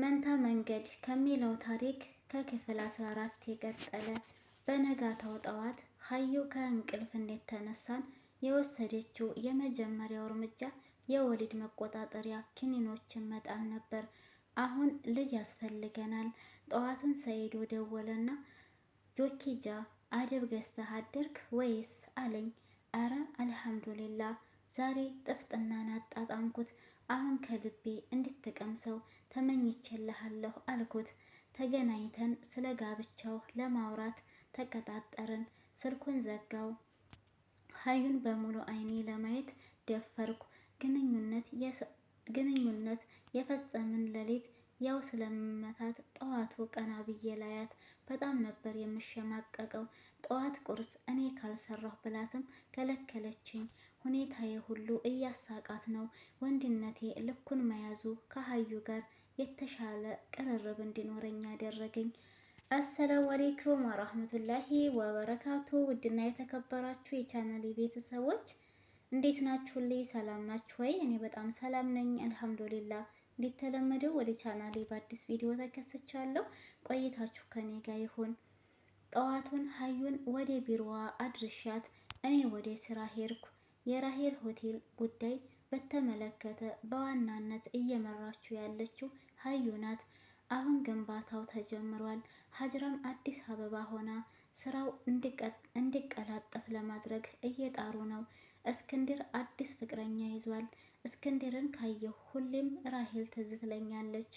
መንታ መንገድ ከሚለው ታሪክ ከክፍል 14 የቀጠለ። በነጋታው ጠዋት ሀዩ ከእንቅልፍ እንደተነሳን የወሰደችው የመጀመሪያው እርምጃ የወሊድ መቆጣጠሪያ ክኒኖችን መጣል ነበር። አሁን ልጅ ያስፈልገናል። ጠዋቱን ሰይድ ደወለና ጆኪጃ አደብ ገዝተህ አደርክ ወይስ አለኝ። አረ አልሐምዱሊላ ዛሬ ጥፍጥናን አጣጣምኩት። አሁን ከልቤ እንድትቀምሰው ተመኝቼልሃለሁ አልኩት። ተገናኝተን ስለ ጋብቻው ለማውራት ተቀጣጠርን። ስልኩን ዘጋው። ሀዩን በሙሉ አይኔ ለማየት ደፈርኩ። ግንኙነት የፈጸምን ሌሊት ያው ስለምመታት ጠዋቱ ቀና ብዬ ላያት በጣም ነበር የምሸማቀቀው። ጠዋት ቁርስ እኔ ካልሰራሁ ብላትም ከለከለችኝ። ሁኔታዬ ሁሉ እያሳቃት ነው። ወንድነቴ ልኩን መያዙ ከሀዩ ጋር የተሻለ ቅርርብ እንዲኖረኝ ያደረገኝ። አሰላሙ አሌይኩም ወራህመቱላሂ ወበረካቱ። ውድና የተከበራችሁ የቻናሌ ቤተሰቦች እንዴት ናችሁልኝ? ሰላም ናችሁ ወይ? እኔ በጣም ሰላም ነኝ አልሐምዱሊላ። እንደተለመደው ወደ ቻናሌ በአዲስ ቪዲዮ ተከስቻለሁ። ቆይታችሁ ከኔ ጋር ይሁን። ጠዋቱን ሀዩን ወደ ቢሮዋ አድርሻት እኔ ወደ ስራ ሄድኩ። የራሄል ሆቴል ጉዳይ በተመለከተ በዋናነት እየመራችሁ ያለችው ሀዩ ናት። አሁን ግንባታው ተጀምሯል። ሀጅራም አዲስ አበባ ሆና ስራው እንዲቀላጠፍ ለማድረግ እየጣሩ ነው። እስክንድር አዲስ ፍቅረኛ ይዟል። እስክንድርን ካየሁ ሁሌም ራሄል ትዝ ትለኛለች።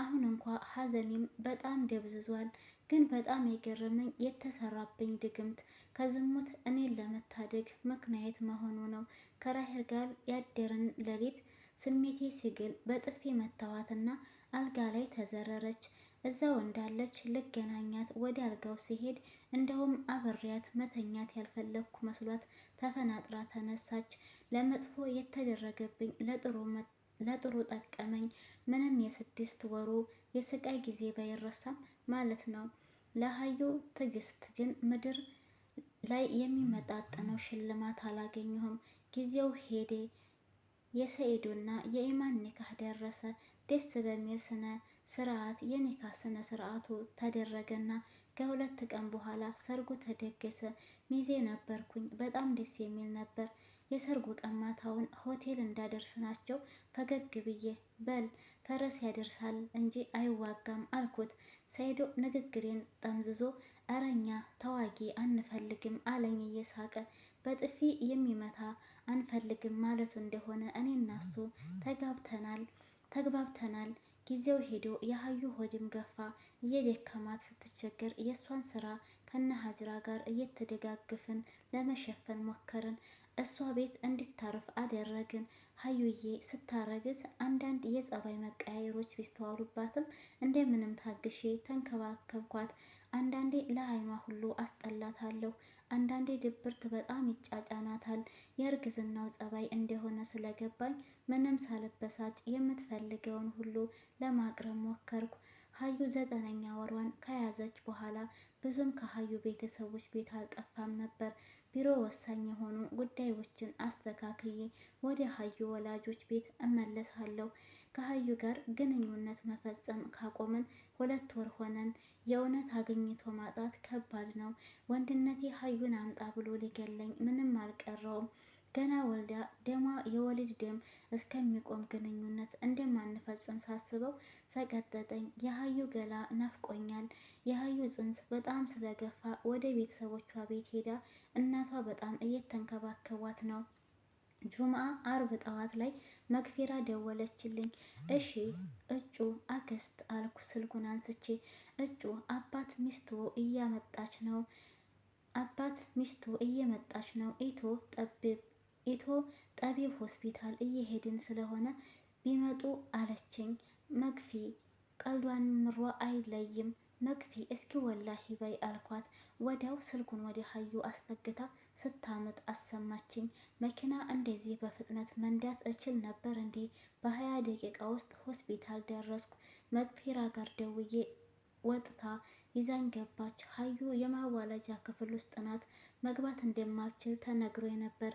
አሁን እንኳ ሀዘኔም በጣም ደብዝዟል። ግን በጣም የገረመኝ የተሰራብኝ ድግምት ከዝሙት እኔን ለመታደግ ምክንያት መሆኑ ነው። ከራሄል ጋር ያደርን ሌሊት ስሜቴ ሲግል በጥፊ መታዋትና አልጋ ላይ ተዘረረች። እዛው እንዳለች ልገናኛት ወደ አልጋው ሲሄድ እንደውም አብሬያት መተኛት ያልፈለግኩ መስሏት ተፈናጥራ ተነሳች። ለመጥፎ የተደረገብኝ ለጥሩ ጠቀመኝ፣ ምንም የስድስት ወሩ የስቃይ ጊዜ ባይረሳም ማለት ነው። ለሀዩ ትዕግስት ግን ምድር ላይ የሚመጣጠነው ሽልማት አላገኘሁም። ጊዜው ሄዴ የሰኢዱና የኢማን ኒካህ ደረሰ። ደስ በሚል ስነ ስርዓት የኒካ ስነ ስርዓቱ ተደረገና ከሁለት ቀን በኋላ ሰርጉ ተደገሰ። ሚዜ ነበርኩኝ። በጣም ደስ የሚል ነበር። የሰርጉ ቀን ማታውን ሆቴል እንዳደርስ ናቸው ፈገግ ብዬ በል ፈረስ ያደርሳል እንጂ አይዋጋም አልኩት። ሰይዶ ንግግሬን ጠምዝዞ እረኛ ተዋጊ አንፈልግም አለኝ እየሳቀ በጥፊ የሚመታ አንፈልግም ማለቱ እንደሆነ እኔ እና ተጋብተናል። ተግባብተናል። ጊዜው ሄዶ የሀዩ ሆድም ገፋ እየደከማት ስትቸገር የእሷን ስራ ከነ ሀጅራ ጋር እየተደጋግፍን ለመሸፈን ሞከርን። እሷ ቤት እንድታርፍ አደረግን። ሀዩዬ ስታረግዝ አንዳንድ የጸባይ መቀያየሮች ቢስተዋሉባትም እንደምንም ታግሼ ተንከባከብኳት። አንዳንዴ ለአይኗ ሁሉ አስጠላታለሁ። አንዳንዴ ድብርት በጣም ይጫጫናታል። የእርግዝናው ጸባይ እንደሆነ ስለገባኝ ምንም ሳልበሳጭ የምትፈልገውን ሁሉ ለማቅረብ ሞከርኩ። ሀዩ ዘጠነኛ ወሯን ከያዘች በኋላ ብዙም ከሀዩ ቤተሰቦች ቤት አልጠፋም ነበር። ቢሮ ወሳኝ የሆኑ ጉዳዮችን አስተካክዬ ወደ ሀዩ ወላጆች ቤት እመለሳለሁ። ከሀዩ ጋር ግንኙነት መፈጸም ካቆምን ሁለት ወር ሆነን። የእውነት አግኝቶ ማጣት ከባድ ነው። ወንድነቴ ሀዩን አምጣ ብሎ ሊገለኝ ምንም አልቀረውም። ገና ወልዳ ደማ የወሊድ ደም እስከሚቆም ግንኙነት እንደማንፈጽም ሳስበው ሰቀጠጠኝ። የሀዩ ገላ ናፍቆኛል። የሀዩ ጽንስ በጣም ስለገፋ ወደ ቤተሰቦቿ ቤት ሄዳ እናቷ በጣም እየተንከባከቧት ነው። ጁምአ አርብ ጠዋት ላይ መክፌራ ደወለችልኝ። እሺ እጩ አክስት አልኩ ስልኩን አንስቼ። እጩ አባት ሚስቶ እያመጣች ነው አባት ሚስቶ እየመጣች ነው። ኢቶ ጠብብ ኢትዮ ጠቢብ ሆስፒታል እየሄድን ስለሆነ ቢመጡ አለችኝ። መግፊ ቀልዷን ምሯ አይለይም መግፊ እስኪ ወላሂ በይ አልኳት። ወዲያው ስልኩን ወደ ሀዩ አስጠግታ ስታመጥ አሰማችኝ። መኪና እንደዚህ በፍጥነት መንዳት እችል ነበር እንዴ? በሀያ ደቂቃ ውስጥ ሆስፒታል ደረስኩ። መግፊራ ጋር ደውዬ ወጥታ ይዛኝ ገባች። ሀዩ የማዋለጃ ክፍል ውስጥ ናት። መግባት እንደማልችል ተነግሮ ነበር።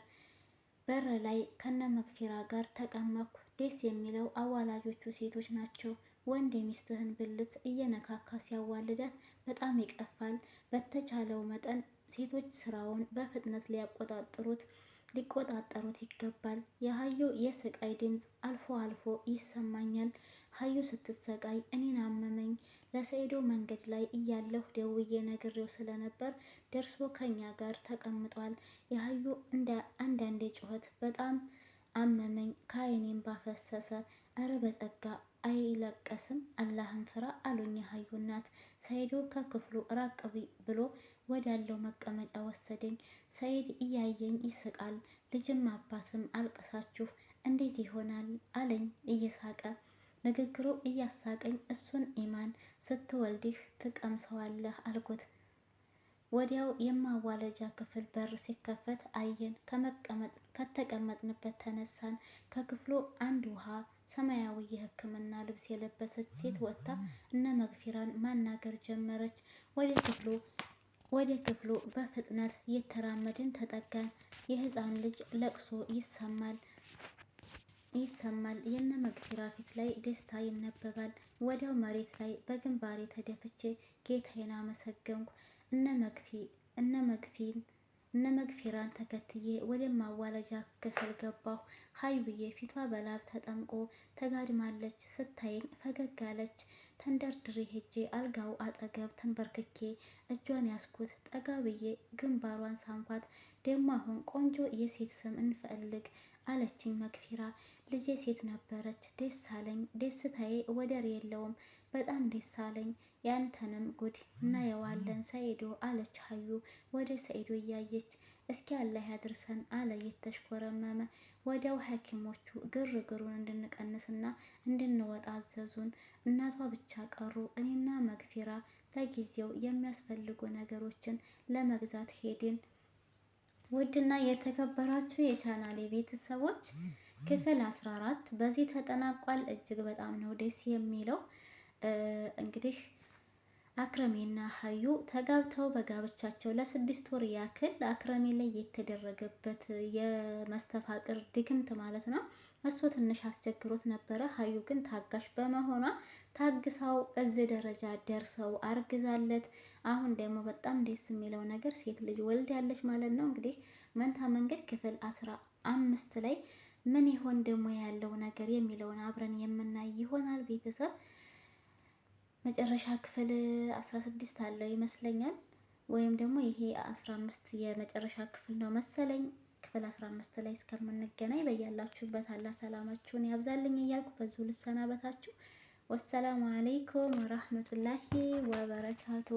በር ላይ ከነ መክፊራ ጋር ተቀመጥኩ። ደስ የሚለው አዋላጆቹ ሴቶች ናቸው። ወንድ የሚስትህን ብልት እየነካካ ሲያዋልዳት በጣም ይቀፋል። በተቻለው መጠን ሴቶች ስራውን በፍጥነት ሊያቆጣጥሩት ሊቆጣጠሩት ይገባል። የሀዩ የስቃይ ድምፅ አልፎ አልፎ ይሰማኛል። ሀዩ ስትሰቃይ እኔን አመመኝ። ለሰኤዶ መንገድ ላይ እያለሁ ደውዬ ነግሬው ስለነበር ደርሶ ከኛ ጋር ተቀምጧል። የሀዩ አንዳንዴ ጩኸት በጣም አመመኝ፣ ከአይኔም ባፈሰሰ። እረ በጸጋ አይለቀስም አላህን ፍራ አሉኝ የሀዩ እናት። ሰይዶ ከክፍሉ ራቅ ብሎ ወዳለው መቀመጫ ወሰደኝ። ሰይድ እያየኝ ይስቃል። ልጅም አባትም አልቅሳችሁ እንዴት ይሆናል አለኝ እየሳቀ። ንግግሩ እያሳቀኝ እሱን ኢማን ስትወልድህ ትቀምሰዋለህ አልኩት። ወዲያው የማዋለጃ ክፍል በር ሲከፈት አየን። ከተቀመጥንበት ተነሳን። ከክፍሉ አንድ ውሃ ሰማያዊ የሕክምና ልብስ የለበሰች ሴት ወጥታ እነ መግፊራን ማናገር ጀመረች። ወደ ክፍሉ ወደ ክፍሉ በፍጥነት የተራመድን ተጠጋን። የህፃን ልጅ ለቅሶ ይሰማል ይሰማል የነ መግፊራ ፊት ላይ ደስታ ይነበባል። ወዲያው መሬት ላይ በግንባሬ ተደፍቼ ጌታዬን አመሰገንኩ። እነ መግፊ እነ መግፊን እነመግፊራን ተከትዬ ወደ ማዋለጃ ክፍል ገባሁ። ሀይሚዬ ፊቷ በላብ ተጠምቆ ተጋድማለች። ስታየኝ ፈገግ አለች። ተንደርድሬ ሄጄ አልጋው አጠገብ ተንበርክኬ እጇን ያስኩት። ጠጋ ብዬ ግንባሯን ሳንፋት ደሞ አሁን ቆንጆ የሴት ስም እንፈልግ አለችኝ መግፊራ። ልጄ ሴት ነበረች። ደስ አለኝ። ደስታዬ ወደር የለውም። በጣም ደስ አለኝ። ያንተንም ጉድ እናየዋለን ሰይዶ አለች ሀዩ ወደ ሰይዶ እያየች። እስኪ አላህ ያድርሰን አለ የተሽኮረመመ። ወዲያው ሐኪሞቹ ግርግሩን እንድንቀንስና እንድንወጣ አዘዙን። እናቷ ብቻ ቀሩ። እኔና መግፊራ ለጊዜው የሚያስፈልጉ ነገሮችን ለመግዛት ሄድን። ውድና የተከበራችሁ የቻናሌ ቤተሰቦች ክፍል 14 በዚህ ተጠናቋል። እጅግ በጣም ነው ደስ የሚለው። እንግዲህ አክረሜና ሀዩ ተጋብተው በጋብቻቸው ለስድስት ወር ያክል አክረሜ ላይ የተደረገበት የመስተፋቅር ድክምት ማለት ነው እሱ ትንሽ አስቸግሮት ነበረ። ሀዩ ግን ታጋሽ በመሆኗ ታግሳው እዚህ ደረጃ ደርሰው አርግዛለት። አሁን ደግሞ በጣም ደስ የሚለው ነገር ሴት ልጅ ወልዳለች ማለት ነው። እንግዲህ መንታ መንገድ ክፍል አስራ አምስት ላይ ምን ይሆን ደግሞ ያለው ነገር የሚለውን አብረን የምናይ ይሆናል። ቤተሰብ መጨረሻ ክፍል አስራ ስድስት አለው ይመስለኛል ወይም ደግሞ ይሄ አስራ አምስት የመጨረሻ ክፍል ነው መሰለኝ። ክፍል 15 ላይ እስከምንገናኝ በያላችሁበት አላ ሰላማችሁን ያብዛልኝ እያልኩ በዚሁ ልሰናበታችሁ። ወሰላሙ አለይኩም ወራህመቱላሂ ወበረካቱ።